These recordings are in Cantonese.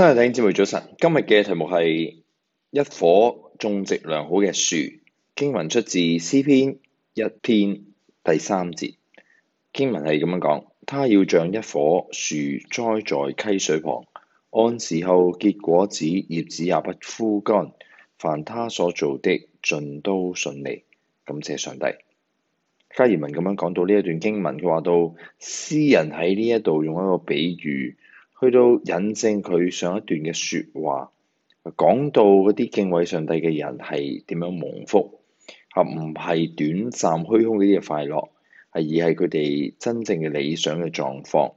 親愛的姊妹早晨，今日嘅題目係一棵種植良好嘅樹，經文出自詩篇一篇第三節。經文係咁樣講，他要像一棵樹栽，栽在溪水旁，按時候結果子，葉子也不枯乾。凡他所做的，盡都順利。感謝上帝。加爾文咁樣講到呢一段經文，佢話到詩人喺呢一度用一個比喻。去到引證佢上一段嘅説話，講到嗰啲敬畏上帝嘅人係點樣蒙福，啊，唔係短暫虛空嗰啲嘅快樂，係而係佢哋真正嘅理想嘅狀況。說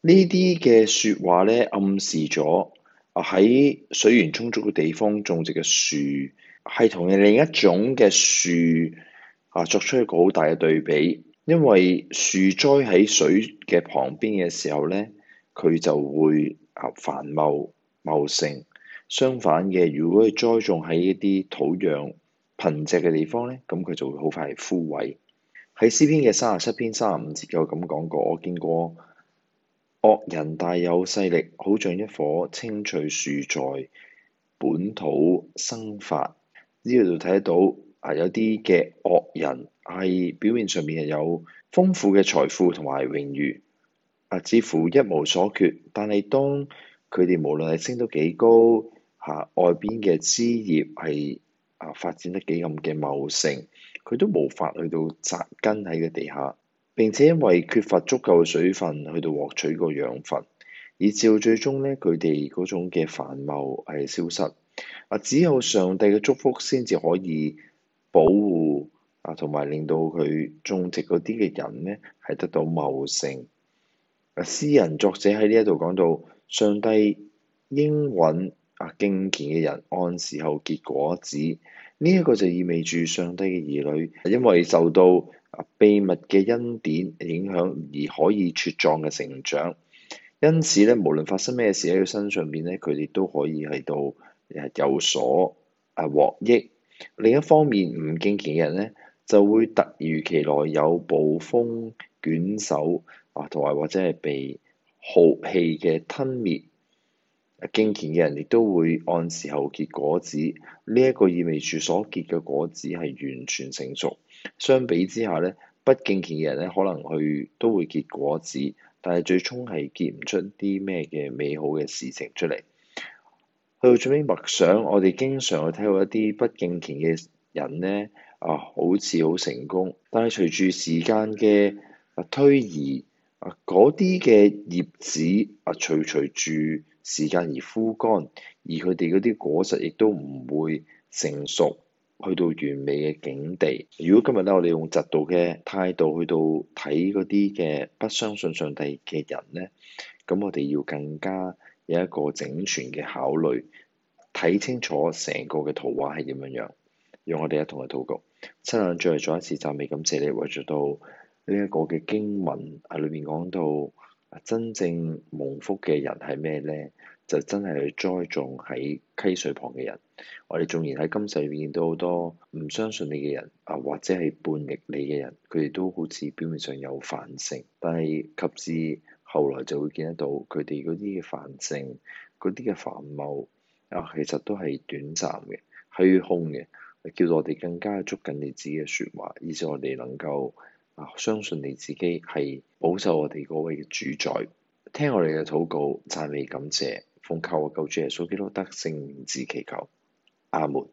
呢啲嘅説話咧，暗示咗啊喺水源充足嘅地方種植嘅樹，係同另一種嘅樹啊作出一個好大嘅對比，因為樹栽喺水嘅旁邊嘅時候咧。佢就會啊繁茂茂盛。相反嘅，如果佢栽種喺一啲土壤貧瘠嘅地方咧，咁佢就會好快係枯萎。喺《詩篇》嘅三十七篇三十五節有咁講過，我見過惡人大有勢力，好像一棵青翠樹在本土生發。呢度就睇得到啊，有啲嘅惡人係表面上面有豐富嘅財富同埋榮譽。啊！似乎一無所缺，但係當佢哋無論係升到幾高，嚇、啊、外邊嘅枝葉係啊發展得幾咁嘅茂盛，佢都無法去到扎根喺個地下。並且因為缺乏足夠嘅水分，去到獲取個養分，以至最終咧，佢哋嗰種嘅繁茂係消失。啊！只有上帝嘅祝福先至可以保護啊，同埋令到佢種植嗰啲嘅人咧係得到茂盛。詩人作者喺呢一度講到，上帝應允啊敬虔嘅人按時候結果子，呢、這、一個就意味住上帝嘅兒女係因為受到啊秘密嘅恩典影響而可以茁壯嘅成長，因此咧，無論發生咩事喺佢身上面，咧，佢哋都可以喺度誒有所啊獲益。另一方面，唔敬虔嘅人咧，就會突如其來有暴風捲走。卷首啊，同埋或者係被豪氣嘅吞滅，啊，敬虔嘅人亦都會按時候結果子，呢、這、一個意味住所結嘅果子係完全成熟。相比之下咧，不敬虔嘅人咧，可能佢都會結果子，但係最終係結唔出啲咩嘅美好嘅事情出嚟。去到最尾默想，我哋經常去睇到一啲不敬虔嘅人咧，啊，好似好成功，但係隨住時間嘅推移。嗰啲嘅葉子啊，隨隨住時間而枯乾，而佢哋嗰啲果實亦都唔會成熟，去到完美嘅境地。如果今日咧，我哋用嫉妒嘅態度去到睇嗰啲嘅不相信上帝嘅人咧，咁我哋要更加有一個整全嘅考慮，睇清楚成個嘅圖畫係點樣樣，用我哋一同嘅禱告，親愛再主嚟一次讚美，就感謝你為著到。呢一個嘅經文啊，裏面講到真正蒙福嘅人係咩咧？就真係栽種喺溪水旁嘅人。我哋縱然喺今世裏面見到好多唔相信你嘅人啊，或者係叛逆你嘅人，佢哋都好似表面上有繁盛，但係及至後來就會見得到佢哋嗰啲嘅繁盛，嗰啲嘅繁茂啊，其實都係短暫嘅、虛空嘅，叫到我哋更加捉緊你自己嘅説話，以至我哋能夠。啊！相信你自己係保守我哋嗰位嘅主宰，聽我哋嘅禱告、讚美、感謝，奉靠我救主耶穌基督得勝之祈求，阿門。